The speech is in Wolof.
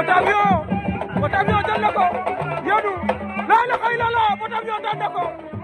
Petit Avion Petit Avion jël na ko yenu laa la xëy la la Petit Avion daan na ko